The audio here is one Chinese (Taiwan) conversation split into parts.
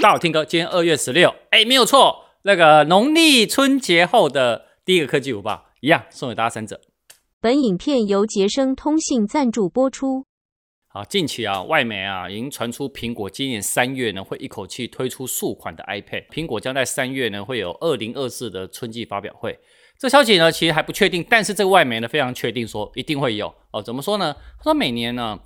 大家好，Tim 哥，今天二月十六，哎，沒有錯，那個農曆春節後的第一個科技午報，一樣送給大家三折。本影片由傑昇通信贊助播出。好，近期啊，外媒啊，已經傳出蘋果今年三月呢會一口氣推出數款的 iPad。蘋果將在三月呢會有二零二四的春季發表會。這消息呢其實還不確定，但是這個外媒呢非常確定說一定會有哦。怎麼說呢？他說每年呢、啊。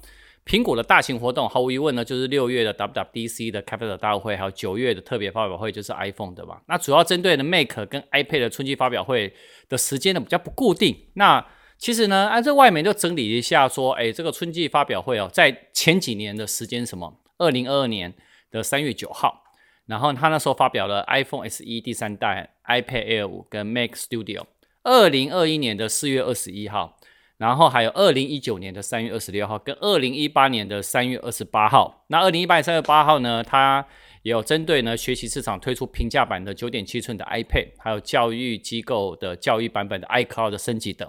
蘋果的大型活動，毫無疑問呢，就是六月的 WWDC 的開發者大會，還有九月的特別發表會，就是 iPhone 的嘛。那主要針對的 Mac 跟 iPad 的春季發表會的時間呢，比較不固定。那其實呢，按這外面就整理一下說，誒、欸，這個春季發表會哦，在前幾年的時間什麼，二零二二年的三月九號，然後他那時候發表了 iPhone SE 第三代、iPad Air 五跟 Mac Studio。二零二一年的四月二十一號。然後還有二零一九年的三月二十六號，跟二零一八年的三月二十八號。那二零一八年三月八號呢，它也有針對呢學習市場推出平價版的九點七寸的 iPad，還有教育機構的教育版本的 iCloud 升級等。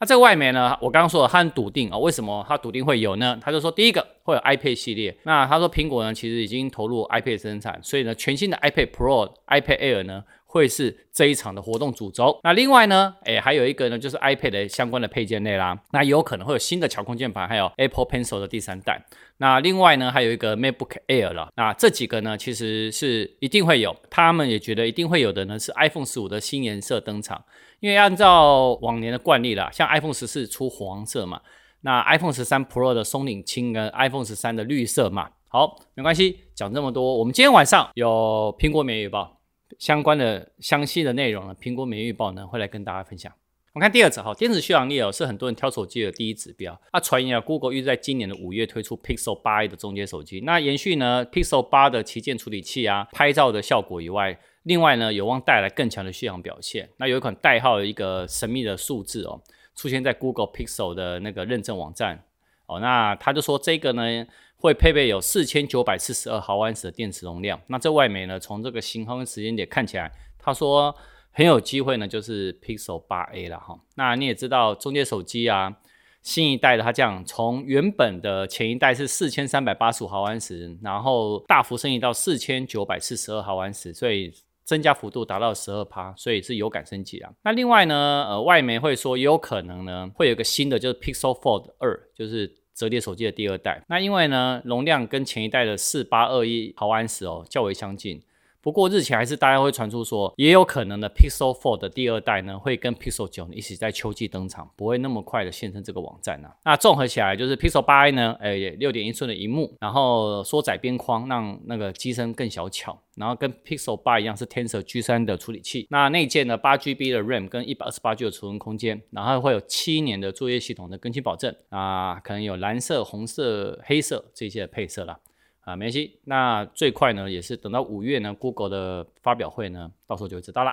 那、啊、在外面呢，我剛剛說了它很篤定啊、哦，為什麼他篤定會有呢？他就說第一個會有 iPad 系列，那他說蘋果呢其實已經投入 iPad 生產，所以呢全新的 iPad Pro、iPad Air 呢，會是這一場的活動主軸。那另外呢，哎、欸，還有一個呢，就是 iPad 相關的配件類啦。那有可能會有新的巧控鍵盤，還有 Apple Pencil 的第三代。那另外呢，還有一個 MacBook Air 啦。那這幾個呢，其實是一定會有。他們也覺得一定會有的呢，是 iPhone 十五的新顏色登場。因為按照往年的慣例啦，像 iPhone 十四出黃色嘛，那 iPhone 十三 Pro 的松嶺青跟 iPhone 十三的綠色嘛。好，沒關係，講這麼多，我們今天晚上有蘋果每日報。相關的詳細的內容呢，蘋果每日預報呢會來跟大家分享。我們看第二則，哈，電池續航力哦是很多人挑手機的第一指標。那、啊、傳言啊，Google 預計在今年的五月推出 Pixel 八 A 的中階手機，那延續呢 Pixel 八的旗艦處理器啊，拍照的效果以外，另外呢有望帶來更強的續航表現。那有一款代號的一個神秘的數字哦，出現在 Google Pixel 的那個認證網站哦，那他就說這個呢。會配備有四千九百四十二毫安時的電池容量。那這外媒呢，從這個型號跟時間點看起來，他說很有機會呢，就是 Pixel 八 A 了哈。那你也知道，中階手機啊，新一代的它這樣，從原本的前一代是四千三百八十五毫安時，然後大幅升級到四千九百四十二毫安時，所以增加幅度達到十二趴，所以是有感升級啊。那另外呢，呃，外媒會說也有可能呢，會有個新的，就是 Pixel Fold 二，就是。折疊手機的第二代，那因為呢，容量跟前一代的4821毫安時哦，較為相近。不過日前還是大家會傳出說，也有可能的 Pixel 4的第二代呢，會跟 Pixel 9一起在秋季登場，不會那麼快的現身這個網站呢、啊。那綜合起來就是 Pixel 8a 呢、欸，也六點一寸的螢幕，然後縮窄邊框，讓那個機身更小巧，然後跟 Pixel 8一樣是 Tensor G3 的處理器，那內建呢八 GB 的 RAM 跟一百二十八 G 的儲存空間，然後會有七年的作業系統的更新保證，啊，可能有藍色、紅色、黑色這些的配色啦。啊，沒關係，那最快呢，也是等到五月呢，Google 的發表會呢，到時候就會知道了。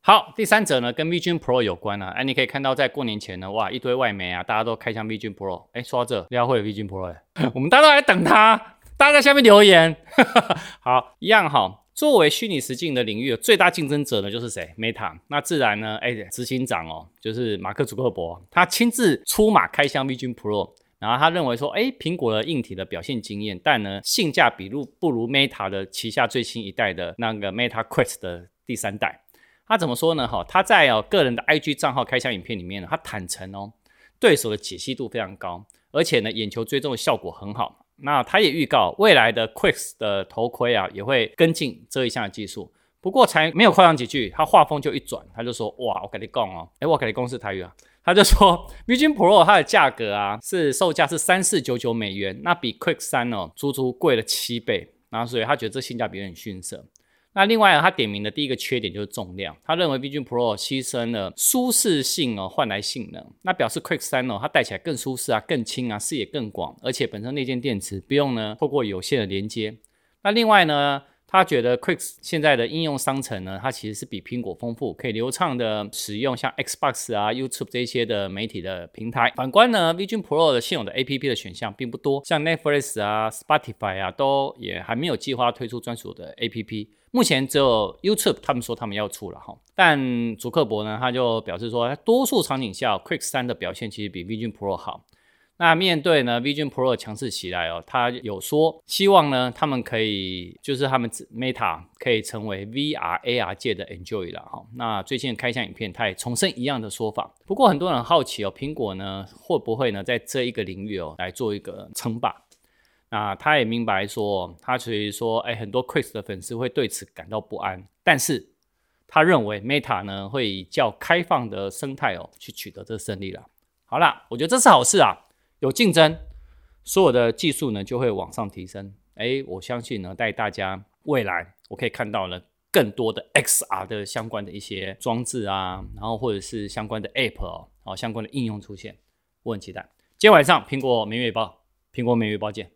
好，第三者呢，跟 Vision Pro 有關啊。哎、啊，你可以看到，在過年前呢，哇，一堆外媒啊，大家都開箱 Vision Pro。哎，說到這，要會有 Vision Pro 哎、欸， 我們大家都來等他，大家在下面留言。 好，一樣哈、哦。作為虛擬實境的領域的最大競爭者呢，就是誰？Meta。那自然呢，哎，執行長哦，就是馬克·祖克柏，他親自出馬開箱 Vision Pro。然後他認為說，誒，蘋果的硬體的表現驚艷，但呢，性價比不不如 Meta 的旗下最新一代的那個 Meta Quest 的第三代。他怎麼說呢？哈、哦，他在哦個人的 IG 賬號開箱影片裡面呢，他坦誠哦，對手的解析度非常高，而且呢，眼球追蹤的效果很好。那他也預告，未來的 Quest 的頭盔啊，也會跟進這一項技術。不過才沒有誇張幾句，他話鋒就一轉，他就說：“哇，我跟你講哦、喔，誒、欸、我跟你講是台語啊。”他就說：“Vision Pro 它的價格啊，是售價是三四九九美元，那比 Quest 三呢、喔、足足貴了七倍，然、啊、後所以他覺得這性價比有點遜色。那另外，呢，他點名的第一個缺點就是重量，他認為 Vision Pro 犧、喔、牲了舒適性哦、喔，換來性能。那表示 Quest 三哦、喔，它戴起來更舒適啊，更輕啊，視野更廣，而且本身內建電池，不用呢透過有線的連接。那另外呢？”他覺得 Quest 現在的應用商城呢，它其實是比蘋果豐富，可以流暢的使用像 Xbox 啊、YouTube 這些的媒體的平台。反觀呢，Vision Pro 的現有的 A P P 的選項並不多，像 Netflix 啊、Spotify 啊，都也還沒有計劃推出專屬的 A P P。目前只有 YouTube 他們說他們要出了哈，但祖克柏呢，他就表示說，多數場景下 Quest 三的表現其實比 Vision Pro 好。那面對呢，Vision Pro 的強勢襲來哦，他有說希望呢，他們可以就是他們 Meta 可以成為 VR AR 界的 Enjoy 了哈。那最近的開箱影片，他也重申一樣的說法。不過很多人好奇哦，蘋果呢會不會呢在這一個領域哦來做一個稱霸？那他也明白說，他所以說哎，很多 Quest 的粉絲會對此感到不安，但是他認為 Meta 呢會以較開放的生態哦去取得這勝利了。好啦，我覺得這是好事啊。有競爭，所有的技術呢就會往上提升。誒，我相信呢，帶大家未來，我可以看到呢更多的 XR 的相關的一些裝置啊，然後或者是相關的 App 哦，哦相關的應用出現，我很期待。今天晚上蘋果每月報，蘋果每月報見。